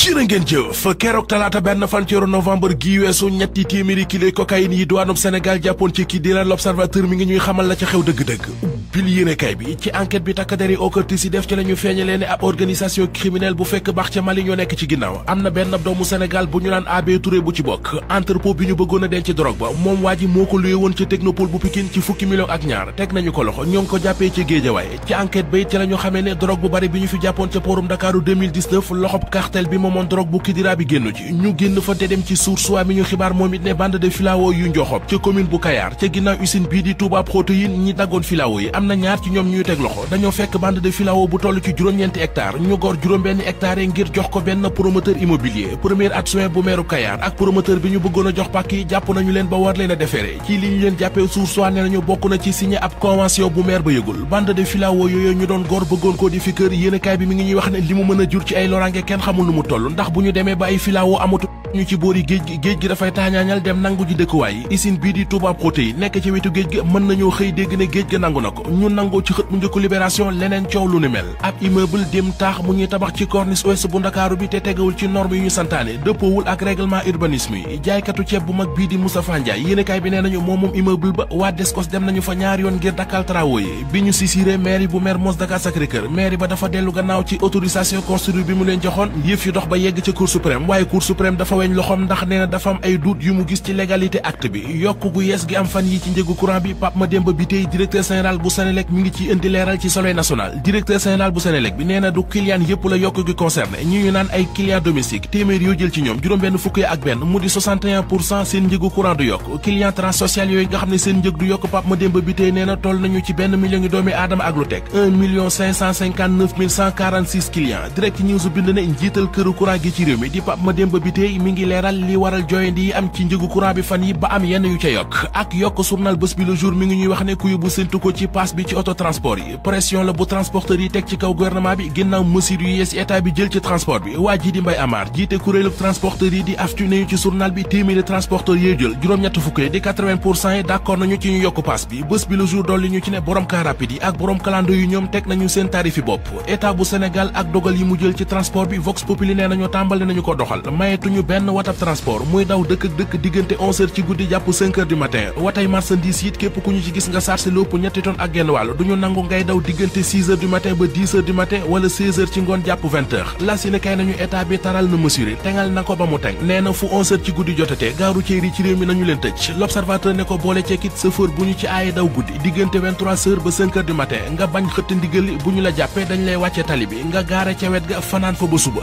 jërë ngeen jëf keroog talaata benn fan ci weeru novembre gi weesu ñetti téeméeri kilo cocaïne yi douanum Sénégal jàppoon ci kii di la l'observateur mi ngi ñuy xamal la ca xew dëgg-dëgg pil yéene kay bi ci enquête bi takk der def ci la ñu ne ab organisation criminelle bu fekk baax ca Mali ñoo nekk ci ginnaaw am na benn doomu Sénégal bu ñu naan AB Touré bu ci bokk entrepôt bi ñu bëggoon denc drogue ba moom waa ji moo ko luye woon ci bu Pikine ci fukki million ak ñaar teg ko loxo ñoo ko jàppee ci Géejawaay ci enquête bay ci la ñu ne drogue bu bari bi ñu fi jàppoon ca poorum Dakaaru 2019 loxob bi moom am na ñaar ci ñoom ñuy teg loxo dañoo fekk bande de filao bu toll ci juróom-ñeenti hectare ñu gor juróom-benn hectare ngir jox ko benn promoteur immobilier premier adjoint bu meeru Kayar ak promoteur bi ñu bëggoon jox pàkk yi jàpp nañu leen ba war leen a defere ci li ñu leen jàppee suur soit ne nañu bokk na ci signé ab convention bu maire ba yëgul bande de filao yooyu ñu doon gor bëggoon koo di fi kër yéenekaay bi mi ngi ñuy wax li mu mën a jur ci ay loraange kenn xamul nu mu toll ndax bu ñu demee ba ay filao amatu ñu gi géej gi dafay taañaañal dem nangu ji dëkkuwaay yi usine bii di Touba Protéines nekk ci wetu géej gi mën nañoo dégg ne géej ga nangu na ko ñu nangoo ci xët mu njëkku libération leneen coow lu ni mel ab immeuble dim taax mu ñuy tabax ci corniche ouest bu ndakaaru bi te tegawul ci norme yu ñu santaane dëppoowul ak règlement urbanisme yi jaaykatu ceeb bu mag bii di Moustapha Ndiaye yéenekaay bi nee nañu moom moom ba waa Descos dem nañu fa ñaar yoon ngir dakkal travaux yi bi ñu sisiré mairie bu Mermoz Dakar Sacré-Cœur mairie ba dafa dellu gannaaw ci autorisation construire bi mu leen joxoon yëf yu gi am fan yi ci njëgu courant bi Pape Senelec mi ngi ciy indi leeral ci Soleil national directeur général bu Senelec bi nee du client yëpp la yokk gi concerné ñi ñu naan ay client domestique téeméer yoo jël ci ñoom juróom-benn fukk ak benn mu di seen njëgu courant du yokk client transsocial yooyu nga xam ne seen njëg du yokk Pape Mademba bi tey nee toll nañu ci benn million ngi doomi aadama ak lu teg 1 million 559 mille 146 bind na njiital këru courant gi ci réew mi di Pape Mademba bi paas bi ci auto transport yi pression la bu transporteur yi teg ci kaw gouvernement bi ginnaaw mesures yu yees bi jël ci transport bi waa ji di Mbaye Amar jiite kuréelu transporteur yi di aftu nañu ci journal bi téeméeri transporteur yiy jël juróom-ñett fukk di yi d'accord nañu ci ñu yokk paas bi bés bi le jour dolli ñu ci ne borom car yi ak borom kalando yu ñoom teg nañu seen tarif yi bopp état bu Sénégal ak dogal yi mu jël ci transport bi ak genn wàll du ñu nangu ngay daw diggante 6 heures ba 10 heures wala 16 ci ngoon jàpp 20 heures kay nañu état bi taral na mesure tengal na ko ba mu teng nee na fu 11 ci guddi jotatee gaaru ceer yi ci réew mi nañu leen tëj l'observateur ne ko boole ceekit sëfër bu ñu ci aaye daw guddi diggante 23 ba 5 heures nga bañ xëtt ndigal bu ñu la jàppee dañ lay wàcce tali bi nga gaare ca ga fanaan fa ba suba